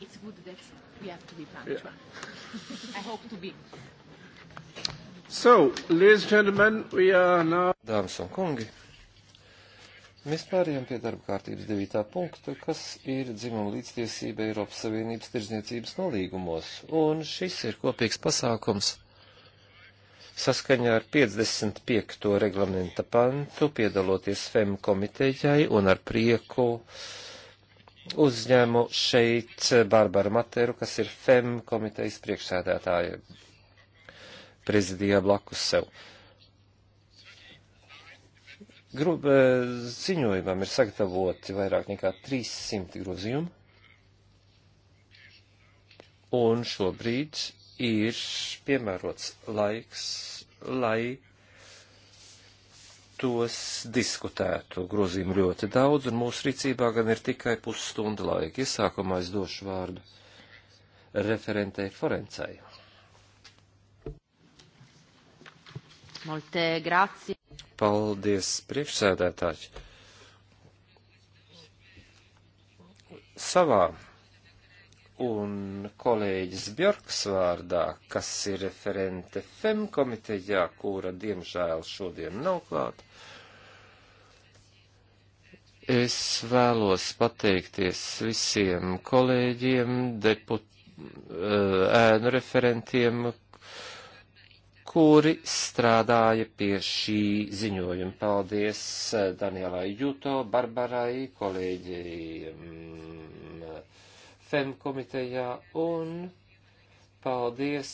it's good that we have to be punctual. Yeah. I hope to be. So, ladies and gentlemen, we are now... Dāmas un kungi, mēs pārējām pie darba kārtības devītā punkta, kas ir dzimuma līdztiesība Eiropas Savienības tirdzniecības nolīgumos. Un šis ir kopīgs pasākums saskaņā ar 55. reglamenta pantu, piedaloties FEM komitejai un ar prieku uh, uzņēmu šeit Barbaru Materu, kas ir FEM komitejas priekšsēdētāja prezidijā blakus sev. Grub, eh, ziņojumam ir sagatavoti vairāk nekā 300 grozījumu, un šobrīd ir piemērots laiks, lai tos diskutētu. Grozījumu ļoti daudz, un mūsu rīcībā gan ir tikai pusstunda laika. Iesākumā es došu vārdu referentei Forencai. Molte grazie. Paldies, priekšsēdētāji. Savā un kolēģis Bjorks vārdā, kas ir referente FEM komitejā, kura diemžēl šodien nav klāt. Es vēlos pateikties visiem kolēģiem, deput, eh, ēnu referentiem, kuri strādāja pie šī ziņojuma. Paldies eh, Danielai Juto, Barbarai, kolēģiem mm, FEM komitejā un paldies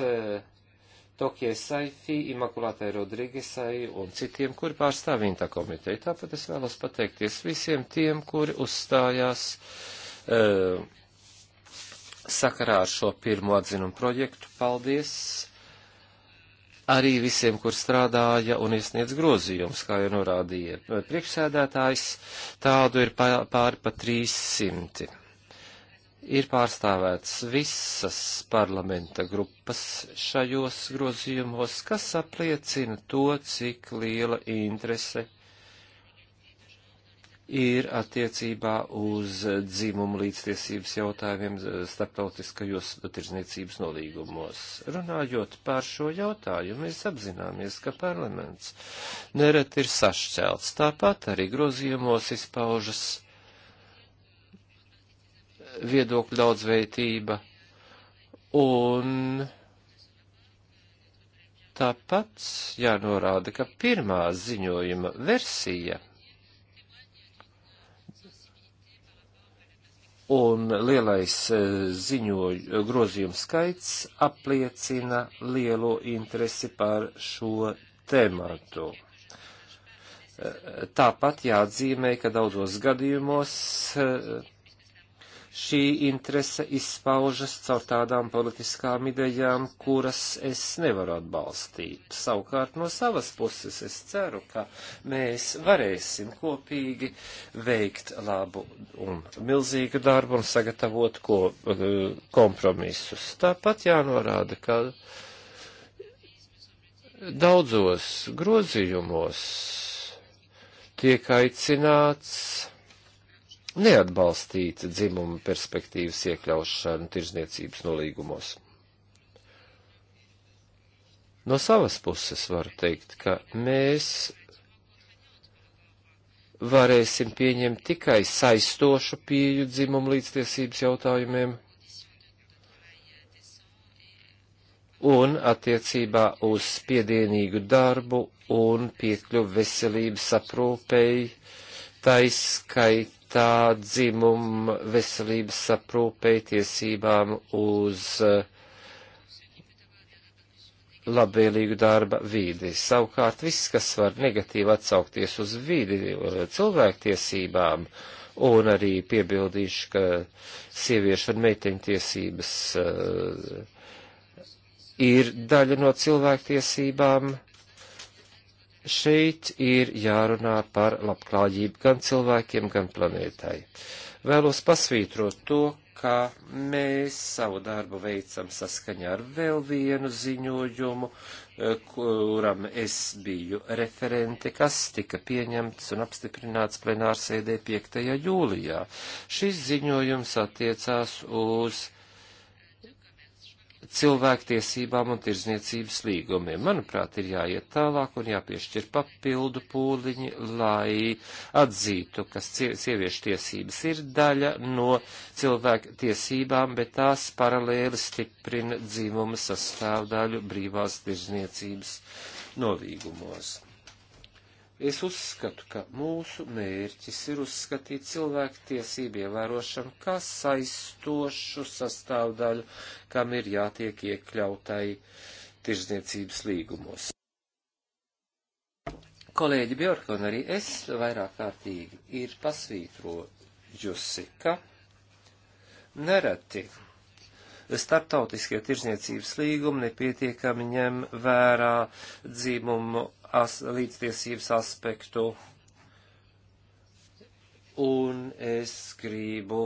uh, eh, Tokie Saifī, Imakulātai Rodrīgesai un citiem, kuri pārstāv Inta komiteju. Tāpat es vēlos pateikties visiem tiem, kuri uzstājās uh, sakarā ar šo pirmo atzinumu projektu. Paldies! arī visiem, kur strādāja un iesniedz grozījums, kā jau norādīja priekšsēdētājs, tādu ir pāri pa 300 ir pārstāvēts visas parlamenta grupas šajos grozījumos, kas apliecina to, cik liela interese ir attiecībā uz dzimumu līdztiesības jautājumiem starptautiskajos tirzniecības nolīgumos. Runājot par šo jautājumu, mēs apzināmies, ka parlaments nereti ir sašķelts. Tāpat arī grozījumos izpaužas viedokļu daudzveidība. Un tāpat jānorāda, ka pirmā ziņojuma versija un lielais eh, ziņoju eh, grozījumu skaits apliecina lielo interesi par šo tēmatu. Eh, tāpat jāatzīmē, ka daudzos gadījumos šī interese izpaužas caur tādām politiskām idejām, kuras es nevaru atbalstīt. Savukārt no savas puses es ceru, ka mēs varēsim kopīgi veikt labu un milzīgu darbu un sagatavot ko, eh, kompromisus. Tāpat jānorāda, ka daudzos grozījumos tiek aicināts neatbalstīt dzimumu perspektīvas iekļaušanu tirzniecības nolīgumos. No savas puses varu teikt, ka mēs varēsim pieņemt tikai saistošu pieju dzimumu līdztiesības jautājumiem un attiecībā uz spiedienīgu darbu un piekļuvu veselības aprūpei, taiskait vietā dzimumu veselības aprūpei tiesībām uz eh, labvēlīgu darba vīdi. Savukārt viss, kas var negatīvi atsaukties uz vīdi eh, cilvēktiesībām, un arī piebildīšu, ka sieviešu un meiteņu tiesības uh, eh, ir daļa no cilvēktiesībām, uh, Šeit ir jārunā par labklājību gan cilvēkiem, gan planētai. Vēlos pasvītrot to, ka mēs savu darbu veicam saskaņā ar vēl vienu ziņojumu, eh, kuram es biju referente, kas tika pieņemts un apstiprināts plenārsēdē 5. jūlijā. Šis ziņojums attiecās uz cilvēktiesībām un tirzniecības līgumiem. Manuprāt, ir jāiet tālāk un jāpiešķir papildu pūliņi, lai atzītu, ka sieviešu tiesības ir daļa no cilvēktiesībām, bet tās paralēli stiprina dzīvuma sastāvdaļu brīvās tirzniecības novīgumos. Es uzskatu, ka mūsu mērķis ir uzskatīt cilvēku tiesību ievērošanu kā saistošu sastāvdaļu, kam ir jātiek iekļautai tirzniecības līgumos. Kolēģi Bjorka un arī es vairāk kārtīgi ir pasvītrojusi, ka nereti starptautiskie tirzniecības līgumi nepietiekami ņem vērā dzīmumu as, līdztiesības aspektu. Un es gribu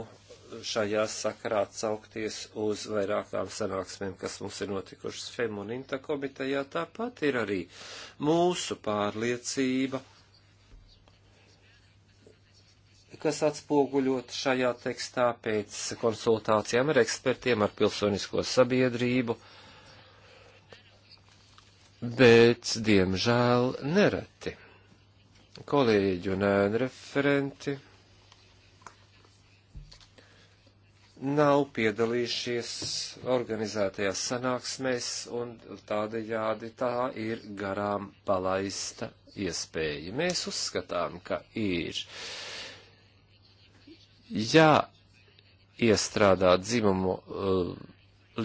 šajā sakarā atsaukties uz vairākām sanāksmēm, kas mums ir notikušas FEM un INTA komitejā. Tāpat ir arī mūsu pārliecība, kas atspoguļot šajā tekstā pēc konsultācijām ar ekspertiem, ar pilsonisko sabiedrību. Uh, bet, diemžēl, nereti kolēģi un referenti nav piedalījušies organizētajās sanāksmēs, un tādējādi tā ir garām palaista iespēja. Mēs uzskatām, ka ir jāiestrādā dzimumu uh,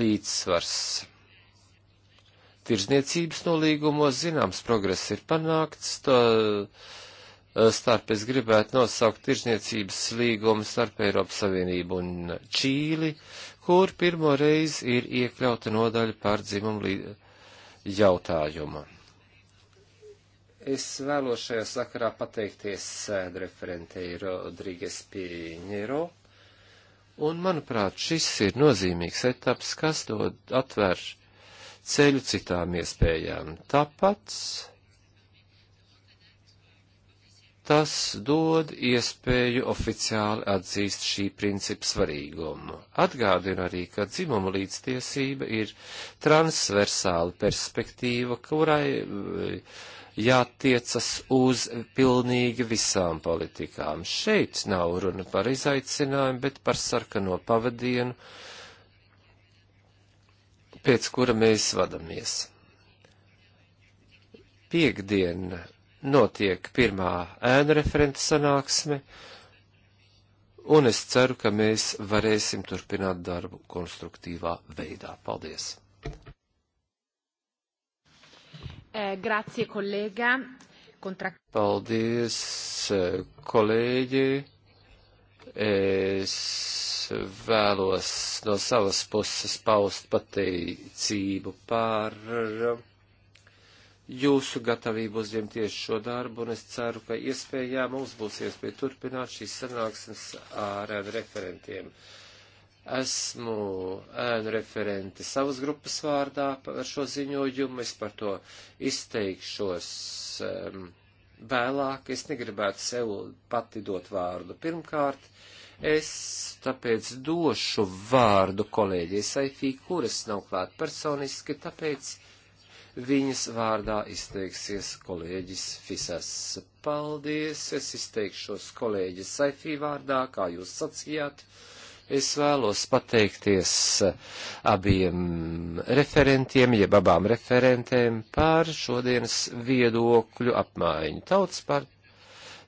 līdzsvars tirzniecības nolīgumos zināms progress ir panākts. To, eh, starp es gribētu nosaukt tirzniecības līgumu starp Eiropas Savienību un Čīli, kur pirmo reizi ir iekļauta nodaļa par dzimumu jautājumu. Es vēlos šajā sakarā pateikties sēdreferentei Rodrīgas Pieņero, un, manuprāt, šis ir nozīmīgs etaps, kas dod atver ceļu citām iespējām. Tāpat tas dod iespēju oficiāli atzīst šī principa svarīgumu. Atgādina arī, ka dzimuma līdztiesība ir transversāla perspektīva, kurai eh, jātiecas uz pilnīgi visām politikām. Šeit nav runa par izaicinājumu, bet par sarkano pavadienu pēc kura mēs vadamies. Piekdien notiek pirmā ēna referenta sanāksme, un es ceru, ka mēs varēsim turpināt darbu konstruktīvā veidā. Paldies! Eh, grazie, kolēģa. Kontra... Paldies, eh, kolēģi. Es vēlos no savas puses paust pateicību par uh, jūsu gatavību uzņemties šo darbu, un es ceru, ka iespējā mums būs iespēja turpināt šīs sanāksmes ar ēnu referentiem. Esmu ēnu referente savas grupas vārdā par šo ziņojumu, es par to izteikšos um, vēlāk, es negribētu sev pati dot vārdu. Pirmkārt, uh, Es tāpēc došu vārdu kolēģei Saifī, kuras nav klāt personiski, tāpēc viņas vārdā izteiksies kolēģis Fisas. Paldies, es izteikšos kolēģis Saifī vārdā, kā jūs sacījāt. Es vēlos pateikties abiem referentiem, jeb abām referentēm par šodienas viedokļu apmaiņu. Tautas partija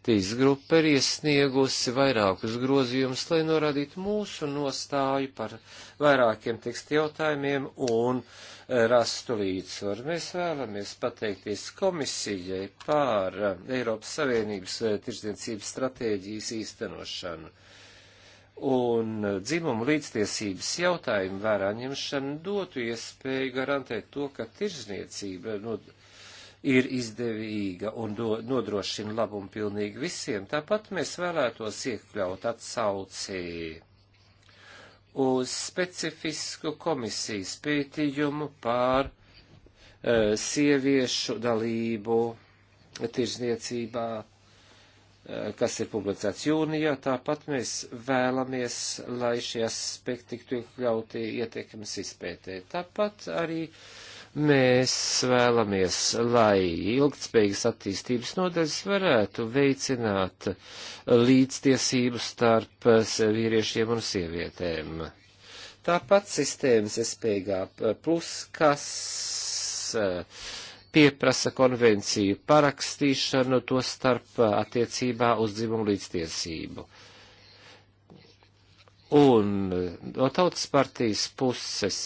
partijas grupa ir iesniegusi vairākus grozījumus, lai norādītu mūsu nostāju par vairākiem tekstu jautājumiem un e, rastu līdzsvaru. Mēs vēlamies pateikties komisijai par e, Eiropas Savienības e, tirdzniecības stratēģijas īstenošanu. Un dzimumu līdztiesības jautājumu vērā ņemšana dotu iespēju garantēt to, ka tirzniecība nodrošina nu, ir izdevīga un do, nodrošina labumu pilnīgi visiem. Tāpat mēs vēlētos iekļaut atsaucī uz specifisku komisijas pētījumu pār uh, e, sieviešu dalību tirzniecībā e, kas ir publicēts jūnijā, tāpat mēs vēlamies, lai šie aspekti tiktu iekļauti ietekmes izpētē. Tāpat arī uh, Mēs vēlamies, lai ilgtspējīgas attīstības nodaļas varētu veicināt līdztiesību starp vīriešiem un sievietēm. Tāpat sistēmas SPG plus, kas eh, pieprasa konvenciju parakstīšanu to starp eh, attiecībā uz dzimumu līdztiesību. Un no tautas partijas puses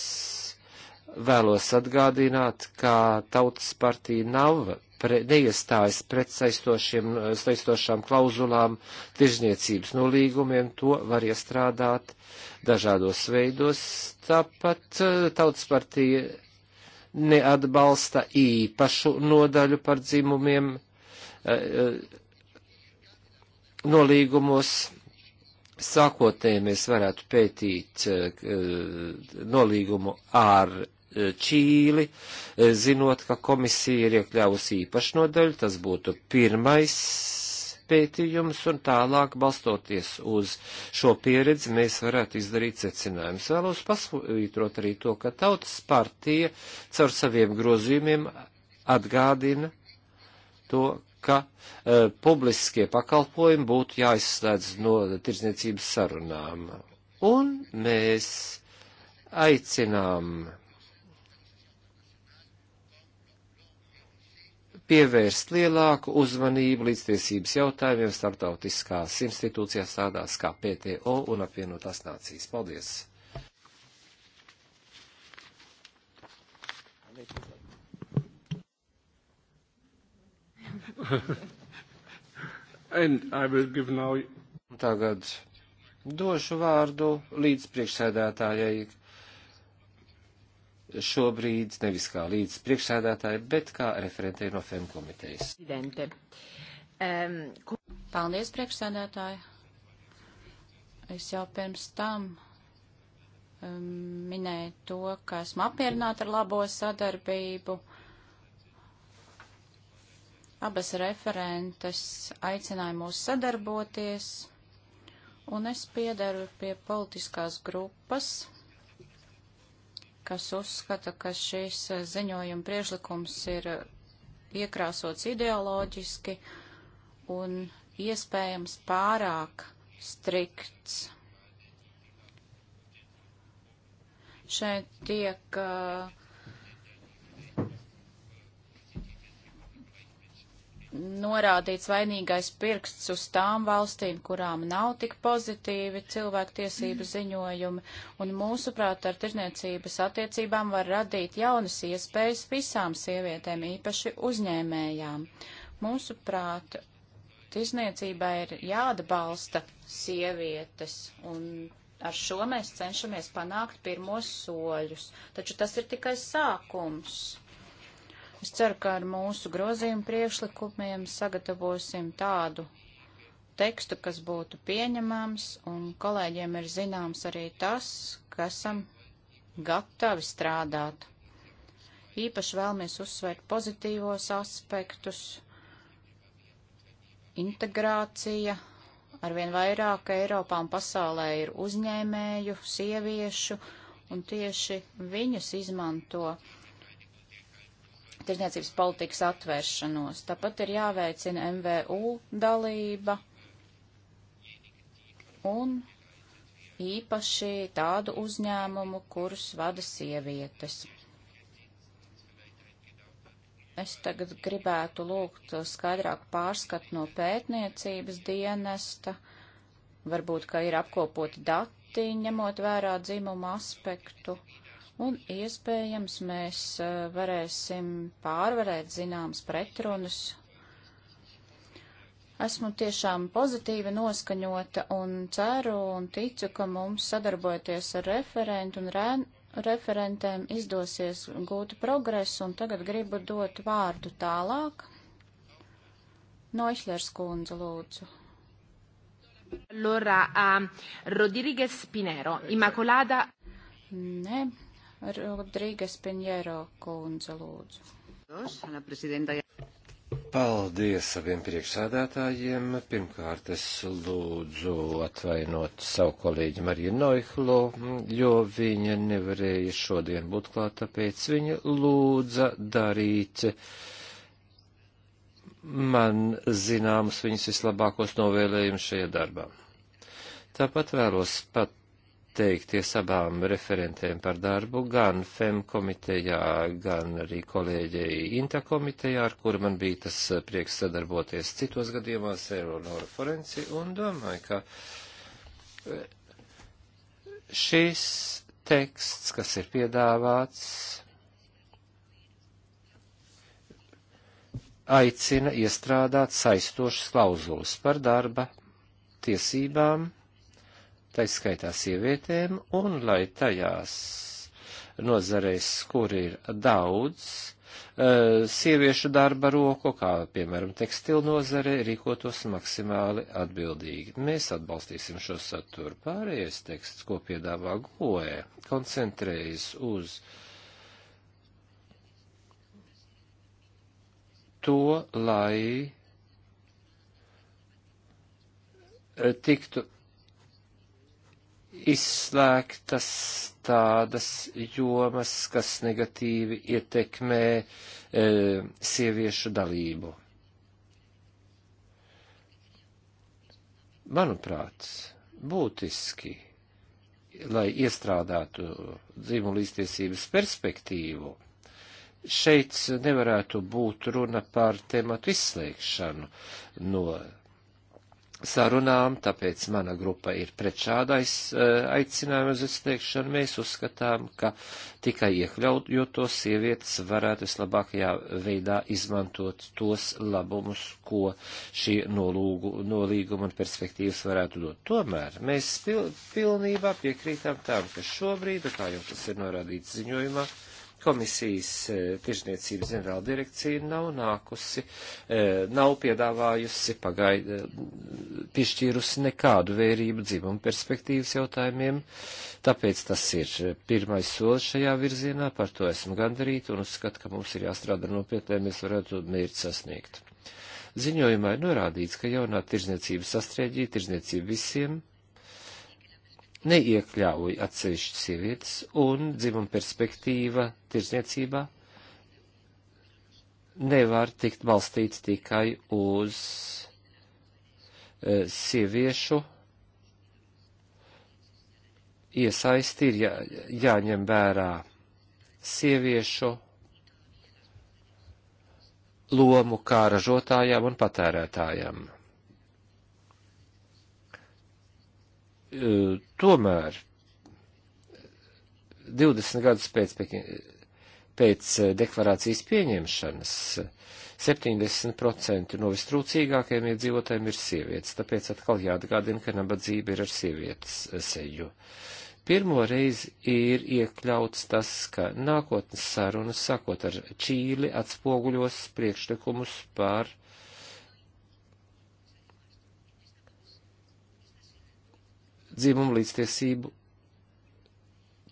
vēlos atgādināt, ka Tautas partija nav pre, neiestājas pret saistošām klauzulām tirzniecības nolīgumiem, to var iestrādāt dažādos veidos. Tāpat eh, Tautas partija neatbalsta īpašu nodaļu par dzimumiem eh, eh, nolīgumos. Sākotnēji mēs varētu pētīt nolīgumu ar Čīli, eh, zinot, ka komisija ir iekļāvusi īpašu nodaļu, tas būtu pirmais pētījums, un tālāk, balstoties uz šo pieredzi, mēs varētu izdarīt secinājumus. Vēlos pasvītrot arī to, ka tautas partija caur saviem grozījumiem atgādina to, ka e, publiskie pakalpojumi būtu jāizslēdz no tirdzniecības sarunām. Un mēs aicinām pievērst lielāku uzmanību līdztiesības jautājumiem starptautiskās institūcijās tādās kā PTO un apvienotās nācijas. Paldies! now... Tagad došu vārdu līdz priekšsēdētājai šobrīd nevis kā līdz priekšsēdētāji, bet kā referentei no FEM komitejas. Ehm, Paldies, priekšsēdētāji. Es jau pirms tam um, minēju to, ka esmu apmierināta ar labo sadarbību. Abas referentes aicināja mūs sadarboties, un es piedaru pie politiskās grupas kas uzskata, ka šis eh, ziņojuma priešlikums ir eh, iekrāsots ideoloģiski un iespējams pārāk strikts. Šeit tiek uh, norādīts vainīgais pirksts uz tām valstīm, kurām nav tik pozitīvi cilvēktiesību mm. ziņojumi, un mūsuprāt ar tirzniecības attiecībām var radīt jaunas iespējas visām sievietēm, īpaši uzņēmējām. Mūsuprāt, tirzniecībā ir jāatbalsta sievietes, un ar šo mēs cenšamies panākt pirmos soļus, taču tas ir tikai sākums Es ceru, ka ar mūsu grozījumu priekšlikumiem sagatavosim tādu tekstu, kas būtu pieņemams, un kolēģiem ir zināms arī tas, ka esam gatavi strādāt. Īpaši vēlamies uzsvērt pozitīvos aspektus, integrācija, arvien vairāk Eiropā un pasaulē ir uzņēmēju, sieviešu, un tieši viņas izmanto tirzniecības politikas atvēršanos. Tāpat ir jāveicina MVU dalība un īpaši tādu uzņēmumu, kurus vada sievietes. Es tagad gribētu lūgt skaidrāku pārskatu no pētniecības dienesta. Varbūt, ka ir apkopoti dati, ņemot vērā dzimumu aspektu. Uh, un iespējams mēs uh, varēsim pārvarēt zināmas pretrunas. Esmu tiešām pozitīvi noskaņota un ceru un ticu, ka mums sadarbojoties ar referentu un re referentēm izdosies gūt progresu, un tagad gribu dot vārdu tālāk. Noišlers kundze, lūdzu. Allora, um, Rodriguez Pinero, Immaculada. Nē, Rodrīgas Piņero kundze lūdzu. Paldies saviem priekšsādātājiem. Pirmkārt, es lūdzu atvainot savu kolēģi Mariju Noihlo, jo viņa nevarēja šodien būt klāt, tāpēc viņa lūdza darīt man zināmas viņas vislabākos novēlējumus šajā darbā. Tāpat vēlos pat pateikties abām referentēm par darbu, gan FEM komitejā, gan arī kolēģei INTA komitejā, ar kuru man bija tas prieks sadarboties citos gadījumos, Eleonora Forenci, un domāju, ka eh, šis teksts, kas ir piedāvāts, aicina iestrādāt saistošas klauzulas par darba tiesībām taiskaitā sievietēm, un lai tajās nozareis, kur ir daudz eh, sieviešu darba roku, kā piemēram tekstilu nozare, rīkotos maksimāli atbildīgi. Mēs atbalstīsim šo saturu. Pārējais teksts, ko piedāvā GOE, koncentrējas uz to, lai eh, tiktu izslēgtas tādas jomas, kas negatīvi ietekmē e, sieviešu dalību. Manuprāt, būtiski, lai iestrādātu dzimumu līdztiesības perspektīvu, šeit nevarētu būt runa par tematu izslēgšanu no sarunām, tāpēc mana grupa ir pret šādais eh, aicinājumu uz izteikšanu. Mēs uzskatām, ka tikai iekļaujotos sievietes varētu vislabākajā veidā izmantot tos labumus, ko šie nolūgu, nolīguma un perspektīvas varētu dot. Tomēr mēs pil pilnībā piekrītam tam, ka šobrīd, kā jau tas ir norādīts ziņojumā, komisijas e, tirzniecības ģenerāla direkcija nav nākusi, e, nav piedāvājusi pagaida, e, piešķīrusi nekādu vērību dzimumu perspektīvas jautājumiem, tāpēc tas ir pirmais solis šajā virzienā, par to esmu gandarīti un uzskatu, ka mums ir jāstrādā nopietni, lai mēs varētu mērķi sasniegt. Ziņojumā ir norādīts, ka jaunā tirzniecības sastrēģija, tirzniecība visiem, neiekļauj atsevišķas sievietes un dzimuma perspektīva tirzniecībā nevar tikt balstīts tikai uz e, sieviešu iesaisti, ir jā, jāņem vērā sieviešu lomu kā ražotājām un patērētājām. tomēr 20 gadus pēc, pēc deklarācijas pieņemšanas 70% no vistrūcīgākajiem iedzīvotājiem ir sievietes, tāpēc atkal jāatgādina, ka nabadzība ir ar sievietes seju. Pirmo reizi ir iekļauts tas, ka nākotnes sarunas, sakot ar Čīli, atspoguļos priekšlikumus par uh, dzimumu līdztiesību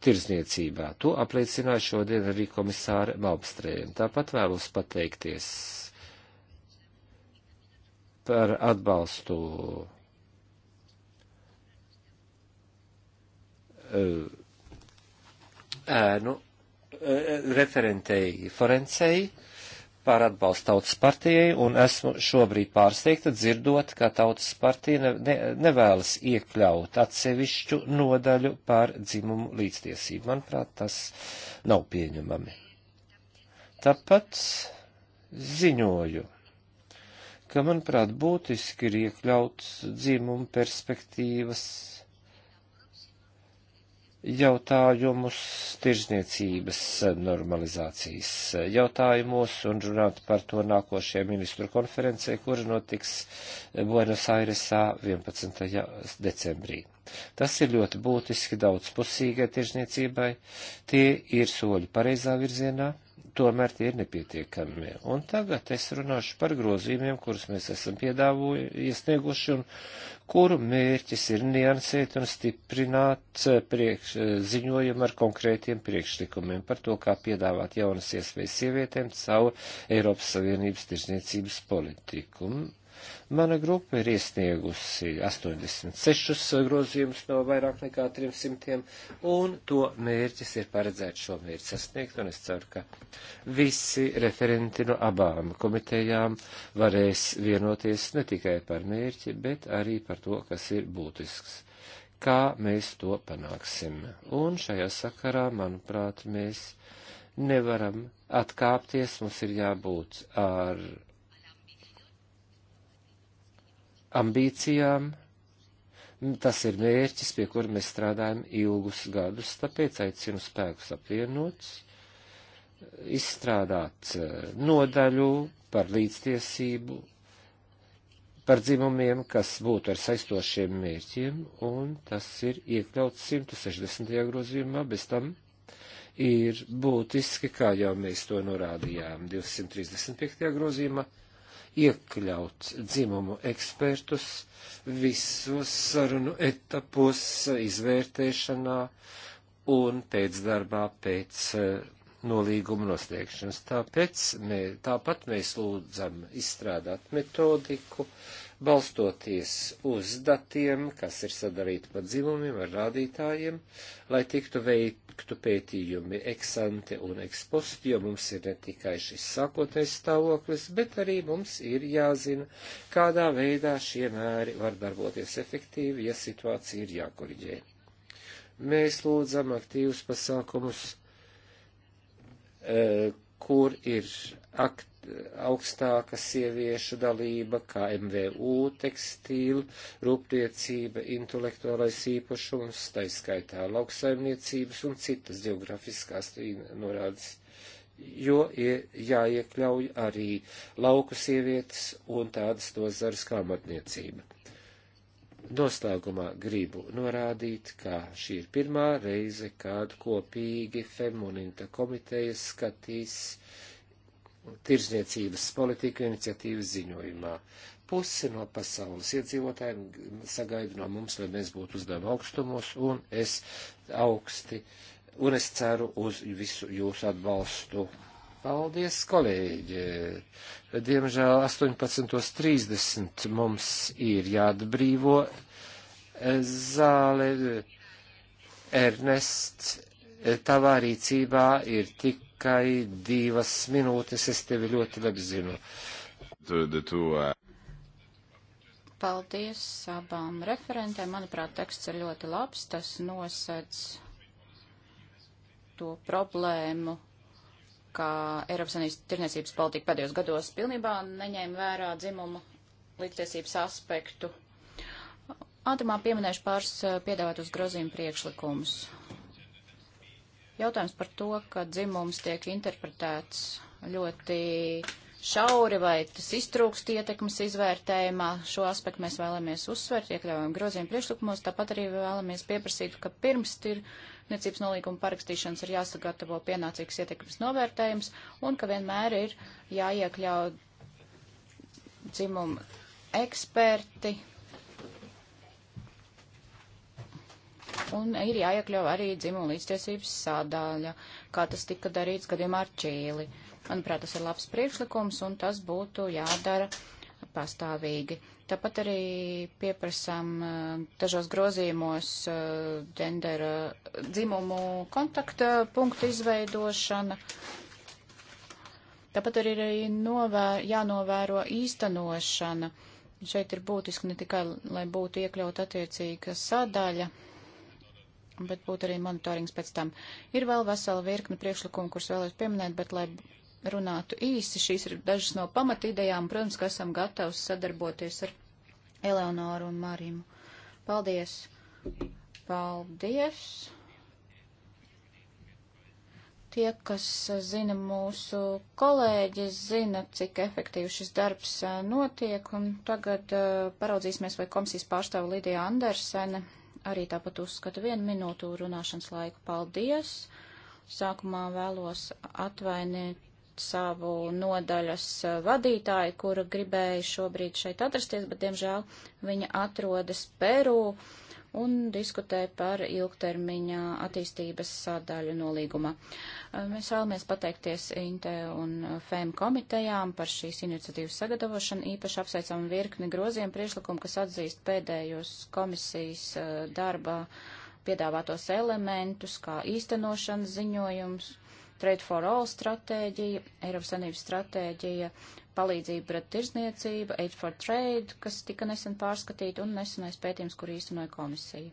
tirzniecībā. To apliecināja šodien arī komisāra Malmstrēm. Tāpat vēlos pateikties par atbalstu eh, ēnu eh, referentei Forencei par atbalstu tautas partijai, un esmu šobrīd pārsteigta dzirdot, ka tautas partija ne, ne, nevēlas iekļaut atsevišķu nodaļu par dzimumu līdztiesību. Manuprāt, tas nav pieņemami. Tāpat ziņoju, ka, manuprāt, būtiski ir iekļaut dzimumu perspektīvas jautājumus tirzniecības normalizācijas jautājumos un runāt par to nākošajā ministru konferencē, kura notiks Buenos Airesā 11. decembrī. Tas ir ļoti būtiski daudzpusīgai tirzniecībai, tie ir soļi pareizā virzienā, tomēr tie ir nepietiekami. Un tagad es runāšu par grozījumiem, kurus mēs esam iesnieguši un kuru mērķis ir niansēt un stiprināt eh, priekš, eh, ziņojumu ar konkrētiem priekšlikumiem par to, kā piedāvāt jaunas iespējas sievietēm caur Eiropas Savienības tirzniecības politiku. Mana grupa ir iesniegusi 86 grozījumus no vairāk nekā 300, un to mērķis ir paredzēt šo mērķi sasniegt, un es ceru, ka visi referenti no abām komitejām varēs vienoties ne tikai par mērķi, bet arī par to, kas ir būtisks kā mēs to panāksim. Un šajā sakarā, manuprāt, mēs nevaram atkāpties, mums ir jābūt ar ambīcijām. Tas ir mērķis, pie kura mēs strādājam ilgus gadus, tāpēc aicinu spēkus apvienot, izstrādāt eh, nodaļu par līdztiesību, par dzimumiem, kas būtu ar saistošiem mērķiem, un tas ir iekļauts 160. grozījumā, bez tam ir būtiski, kā jau mēs to norādījām 235. grozījumā iekļaut dzimumu ekspertus visos sarunu etapos izvērtēšanā un pēcdarbā pēc eh, nolīguma noslēgšanas. Tāpēc mē, tāpat mēs lūdzam izstrādāt metodiku, uh, balstoties uz datiem, kas ir sadarīti pa dzimumiem ar rādītājiem, lai tiktu veiktu pētījumi eksante un ekspost, jo mums ir ne tikai šis sākotais stāvoklis, bet arī mums ir jāzina, kādā veidā šie mēri var darboties efektīvi, ja situācija ir jākoriģē. Mēs lūdzam aktīvus pasākumus, eh, kur ir akt augstāka sieviešu dalība, kā MVU tekstīla, rūpniecība, intelektuālais īpašums, taiskaitā lauksaimniecības un citas geografiskās norādes, jo ir jāiekļauj arī lauku sievietes un tādas nozares kā matniecība. Noslēgumā gribu norādīt, ka šī ir pirmā reize, kad kopīgi Femuninta komiteja skatīs uh, tirzniecības politika iniciatīvas ziņojumā. Pusi no pasaules iedzīvotājiem sagaida no mums, lai mēs būtu uzdevuma augstumos, un es augsti, un es ceru uz visu jūsu atbalstu. Paldies, kolēģi! Diemžēl 18.30 mums ir jāatbrīvo zāle. Ernests, tavā rīcībā ir tik tikai divas minūtes, es tevi ļoti labi zinu. Tu, tu, Paldies abām referentēm. Manuprāt, teksts ir ļoti labs. Tas nosedz to problēmu, ka Eiropas Savienības tirniecības politika pēdējos gados pilnībā neņēma vērā dzimumu līdztiesības aspektu. Ātrumā pieminēšu pāris piedāvātus grozījumu priekšlikumus. Jautājums par to, ka dzimums tiek interpretēts ļoti šauri vai tas iztrūkst ietekmes izvērtējumā. Šo aspektu mēs vēlamies uzsvērt, iekļaujam grozījumu priekšlikumos, tāpat arī vēlamies pieprasīt, ka pirms tirniecības nolīguma parakstīšanas ir jāsagatavo pienācīgs ietekmes novērtējums un ka vienmēr ir jāiekļauj dzimumu eksperti, un ir jāiekļauj arī dzimuma līdztiesības sādāļa, kā tas tika darīts gadījumā ar Čīli. Manuprāt, tas ir labs priekšlikums, un tas būtu jādara pastāvīgi. Tāpat arī pieprasām eh, dažos grozījumos dendera eh, eh, dzimumu kontakta punktu izveidošana. Tāpat arī ir novēr, jānovēro īstenošana. Šeit ir būtiski ne tikai, lai būtu iekļaut attiecīga sadaļa, bet būtu arī monitorings pēc tam. Ir vēl vesela virkne priekšlikumu, kurus vēlos pieminēt, bet, lai runātu īsi, šīs ir dažas no pamatidejām. Protams, ka esam gatavi sadarboties ar Eleonoru un Marimu. Paldies! Paldies! Tie, kas zina mūsu kolēģi, zina, cik efektīvi šis darbs eh, notiek, un tagad uh, paraudzīsimies, vai komisijas pārstāva Lidija Andersene arī tāpat uzskata vienu minūtu runāšanas laiku. Paldies! Sākumā vēlos atvainīt savu nodaļas vadītāju, kura gribēja šobrīd šeit atrasties, bet, diemžēl, viņa atrodas Peru un diskutē par ilgtermiņa attīstības sādaļu nolīguma. Mēs vēlamies pateikties INTE un FEM komitejām par šīs iniciatīvas sagatavošanu. Īpaši apsveicam virkni groziem priešlikumu, kas atzīst pēdējos komisijas darba piedāvātos elementus, kā īstenošanas ziņojums Trade for All stratēģija, Eiropas Savienības stratēģija, palīdzība pret tirzniecību, Aid for Trade, kas tika nesen pārskatīta, un nesenais pētījums, kur īstenoja komisija.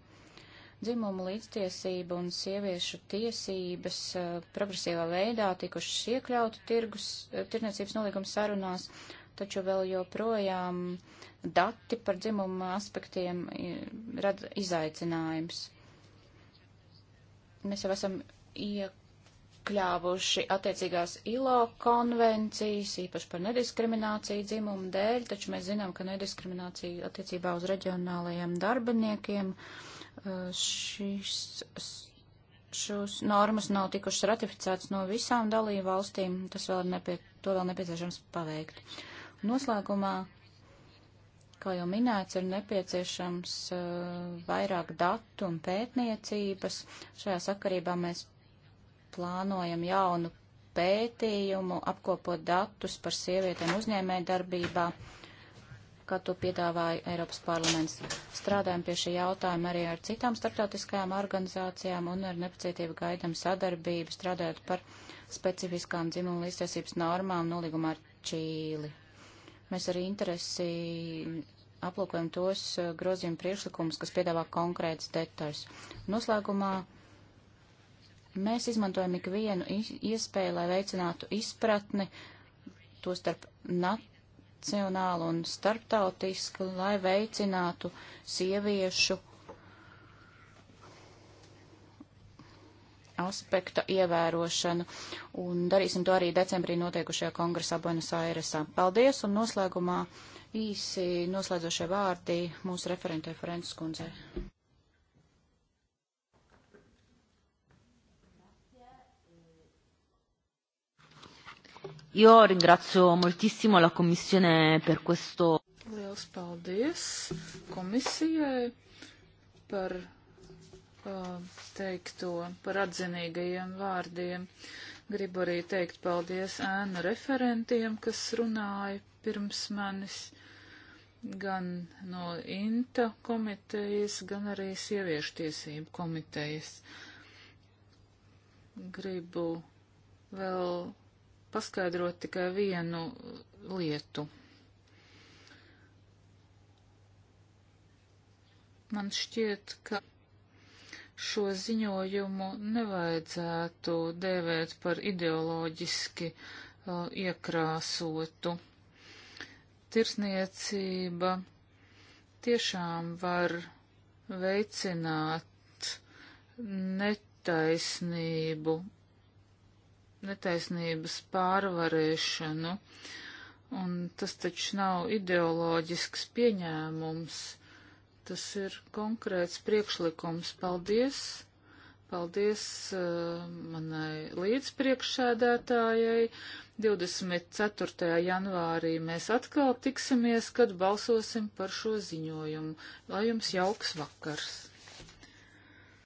Dzimuma līdztiesība un sieviešu tiesības uh, progresīvā veidā tikušas iekļauti tirgus, uh, eh, tirniecības nolīguma sarunās, taču vēl joprojām dati par dzimuma aspektiem eh, rada izaicinājums. Mēs jau esam iek iekļāvuši attiecīgās ILO konvencijas, īpaši par nediskrimināciju dzimumu dēļ, taču mēs zinām, ka nediskriminācija attiecībā uz reģionālajiem darbiniekiem uh, šis, šos normas nav tikušas ratificētas no visām dalību valstīm, tas vēl nepie, to vēl nepieciešams paveikt. Noslēgumā, kā jau minēts, ir nepieciešams uh, vairāk datu un pētniecības. Šajā sakarībā mēs plānojam jaunu pētījumu, apkopot datus par sievietēm uzņēmē darbībā, kā to piedāvāja Eiropas parlaments. Strādājam pie šī jautājuma arī ar citām starptautiskajām organizācijām un ar nepacietību gaidam sadarbību, strādājot par specifiskām dzimumu līdztiesības normām nolīgumā ar Čīli. Mēs ar interesi aplūkojam tos eh, grozījumu priekšlikumus, kas piedāvā konkrētas detaļas. Noslēgumā Mēs izmantojam ikvienu iespēju, lai veicinātu izpratni, to starp nacionālu un starptautisku, lai veicinātu sieviešu aspekta ievērošanu. Un darīsim to arī decembrī notiekušajā kongresā Buenos Airesā. Paldies un noslēgumā īsi noslēdzošie vārdi mūsu referentē Ferenc skundzei. Io ringrazio moltissimo la Commissione per questo. Liels paldies komisijai par uh, teikto, par atzinīgajiem vārdiem. Gribu arī teikt paldies ēnu referentiem, kas runāja pirms manis, gan no INTA komitejas, gan arī sieviešu tiesību komitejas. Gribu vēl paskaidrot tikai vienu lietu. Man šķiet, ka šo ziņojumu nevajadzētu dēvēt par ideoloģiski uh, iekrāsotu. Tirsniecība tiešām var veicināt netaisnību netaisnības pārvarēšanu. Un tas taču nav ideoloģisks pieņēmums, tas ir konkrēts priekšlikums. Paldies! Paldies uh, manai līdzpriekšsēdētājai. 24. janvārī mēs atkal tiksimies, kad balsosim par šo ziņojumu. Lai jums jauks vakars!